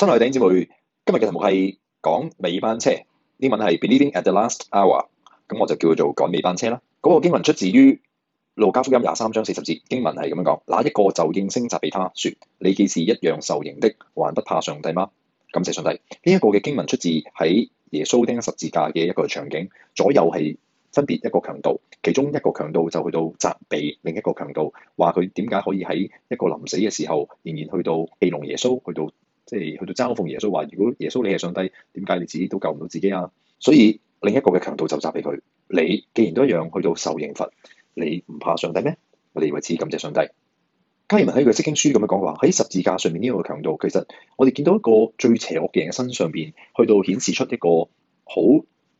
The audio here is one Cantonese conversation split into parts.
親愛的弟兄姊妹，今日嘅題目係講尾班車，英文係 Believing at the last hour，咁我就叫做趕尾班車啦。嗰、那個經文出自於路加福音廿三章四十節，經文係咁樣講：，那一個就應聲責備他說：，你既是一樣受刑的，還不怕上帝嗎？感謝上帝。呢、這、一個嘅經文出自喺耶穌釘十字架嘅一個場景，左右係分別一個強盜，其中一個強盜就去到責備另一個強盜話佢點解可以喺一個臨死嘅時候，仍然去到戲弄耶穌去到。即係去到嘲諷耶穌話：如果耶穌你係上帝，點解你自己都救唔到自己啊？所以另一個嘅強盜就責備佢：你既然都一樣去到受刑罰，你唔怕上帝咩？你為此感謝上帝？加爾文喺佢嘅《釋經書》咁樣講話喺十字架上面呢個強盜，其實我哋見到一個最邪惡嘅人身上邊，去到顯示出一個好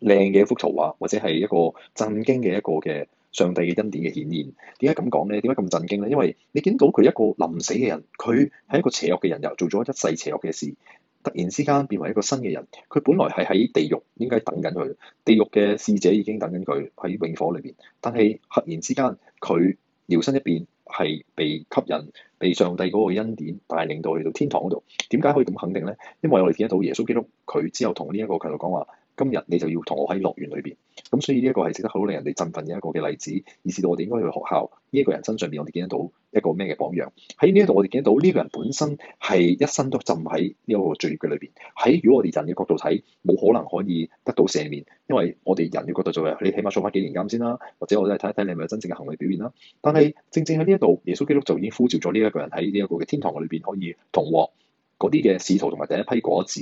靚嘅一幅圖畫，或者係一個震驚嘅一個嘅。上帝嘅恩典嘅顯現，點解咁講咧？點解咁震驚咧？因為你見到佢一個臨死嘅人，佢係一個邪惡嘅人，又做咗一世邪惡嘅事，突然之間變為一個新嘅人。佢本來係喺地獄，應該等緊佢，地獄嘅使者已經等緊佢喺永火裏邊。但係突然之間，佢搖身一變，係被吸引，被上帝嗰個恩典帶領到去到天堂嗰度。點解可以咁肯定咧？因為我哋見得到耶穌基督，佢之後同呢一個強盜講話。今日你就要同我喺樂園裏邊咁，所以呢一個係值得好令人哋振奮嘅一個嘅例子。以致到我哋應該去學校呢一個人身上邊，我哋見得到一個咩嘅榜樣喺呢一度。我哋見得到呢個人本身係一生都浸喺呢一個罪孽裏邊。喺如果我哋人嘅角度睇，冇可能可以得到赦免，因為我哋人嘅角度做嘅，你起碼坐翻幾年監先啦，或者我哋睇一睇你係咪真正嘅行為表現啦。但係正正喺呢一度，耶穌基督就已經呼召咗呢一個人喺呢一個嘅天堂裏邊可以同獲嗰啲嘅使徒同埋第一批果子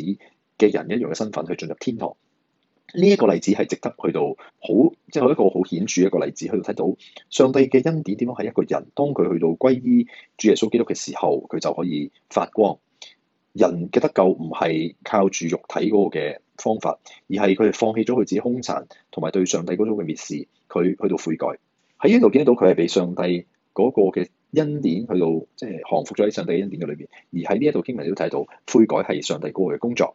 嘅人一樣嘅身份去進入天堂。呢一個例子係值得去到好，即係一個好顯著一個例子，去到睇到上帝嘅恩典點樣係一個人，當佢去到歸依主耶穌基督嘅時候，佢就可以發光。人嘅得救唔係靠住肉體嗰個嘅方法，而係佢哋放棄咗佢自己兇殘，同埋對上帝嗰種嘅蔑視，佢去到悔改。喺呢度見得到佢係被上帝嗰個嘅恩典去到，即係降服咗喺上帝嘅恩典嘅裏邊。而喺呢一度經文都睇到悔改係上帝嗰個嘅工作。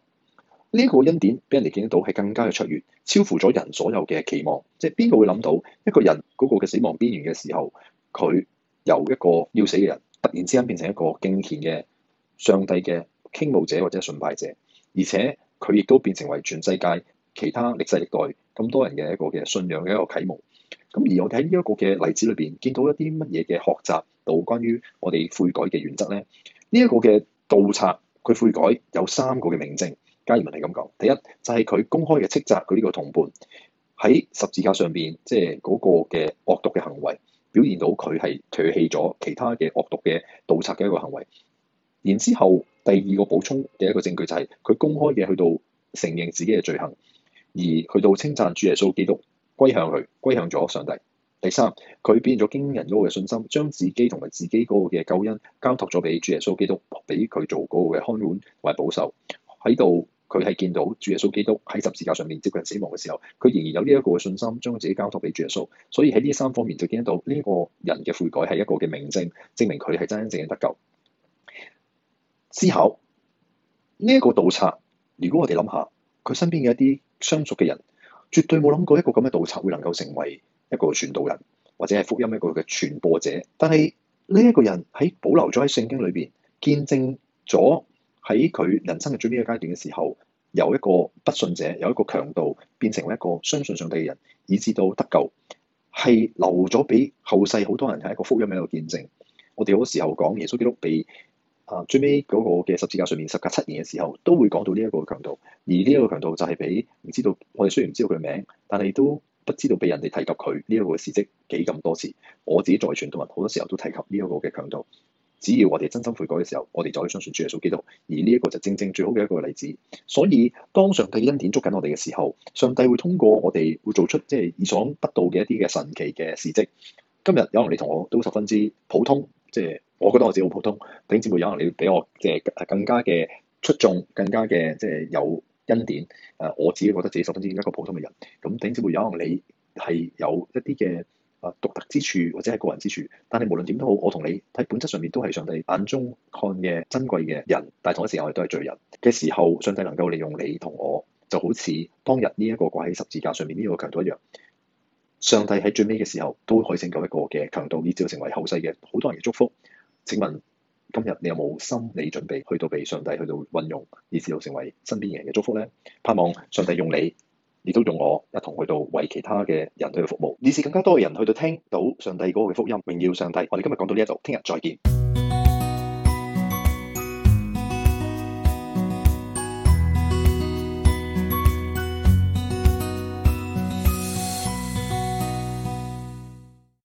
呢一個恩典俾人哋見得到係更加嘅卓越，超乎咗人所有嘅期望。即係邊個會諗到一個人嗰個嘅死亡邊緣嘅時候，佢由一個要死嘅人，突然之間變成一個敬虔嘅上帝嘅傾慕者或者信拜者，而且佢亦都變成為全世界其他歷世歷代咁多人嘅一個嘅信仰嘅一個啟蒙。咁而我哋喺呢一個嘅例子裏邊，見到一啲乜嘢嘅學習到關於我哋悔改嘅原則咧？呢一個嘅盜賊佢悔改有三個嘅明證。加言問題咁講，第一就係佢公開嘅斥責佢呢個同伴喺十字架上邊，即係嗰個嘅惡毒嘅行為，表現到佢係唾棄咗其他嘅惡毒嘅盜賊嘅一個行為。然之後，第二個補充嘅一個證據就係佢公開嘅去到承認自己嘅罪行，而去到稱讚主耶穌基督歸向佢，歸向咗上帝。第三，佢表現咗驚人嗰個嘅信心，將自己同埋自己嗰個嘅救恩交託咗俾主耶穌基督，俾佢做嗰個嘅看管同埋保守。喺度，佢係見到主耶穌基督喺十字架上面接近死亡嘅時候，佢仍然有呢一個嘅信心，將自己交託俾主耶穌。所以喺呢三方面就見得到呢個人嘅悔改係一個嘅明證，證明佢係真真正正得救。思考呢一個盜賊，如果我哋諗下佢身邊嘅一啲相熟嘅人，絕對冇諗過一個咁嘅盜賊會能夠成為一個傳道人，或者係福音一個嘅傳播者。但係呢一個人喺保留咗喺聖經裏邊，見證咗。喺佢人生嘅最尾嘅一個階段嘅時候，由一個不信者，由一個強盜變成一個相信上帝嘅人，以至到得救，係留咗俾後世好多人喺一個福音喺度見證。我哋好多時候講耶穌基督被啊最尾嗰個嘅十字架上面十架七年嘅時候，都會講到呢一個強盜。而呢一個強盜就係俾唔知道我哋雖然唔知道佢嘅名，但係都不知道被人哋提及佢呢一個嘅事蹟幾咁多次。我自己作為傳統人，好多時候都提及呢一個嘅強盜。只要我哋真心悔改嘅時候，我哋就可以相信主耶穌基督。而呢一個就正正最好嘅一個例子。所以當上帝恩典捉緊我哋嘅時候，上帝會通過我哋會做出即係意想不到嘅一啲嘅神奇嘅事蹟。今日有可能你同我都十分之普通，即係我覺得我自己好普通。頂姊妹有可能你俾我即係更加嘅出眾，更加嘅即係有恩典。誒，我自己覺得自己十分之一個普通嘅人。咁頂姊妹有可能你係有一啲嘅。啊！獨特之處或者係個人之處，但係無論點都好，我同你喺本質上面都係上帝眼中看嘅珍貴嘅人。但係同一時候，我哋都係罪人嘅時候，上帝能夠利用你同我，就好似當日呢一個掛喺十字架上面呢個強盜一樣。上帝喺最尾嘅時候都可以拯救一個嘅強盜，以至到成為後世嘅好多人嘅祝福。請問今日你有冇心理準備去到被上帝去到運用，以至到成為身邊的人嘅祝福呢？盼望上帝用你。亦都用我一同去到為其他嘅人去服務，以致更加多嘅人去到聽到上帝嗰個嘅福音，榮耀上帝。我哋今日講到呢一度，聽日再見。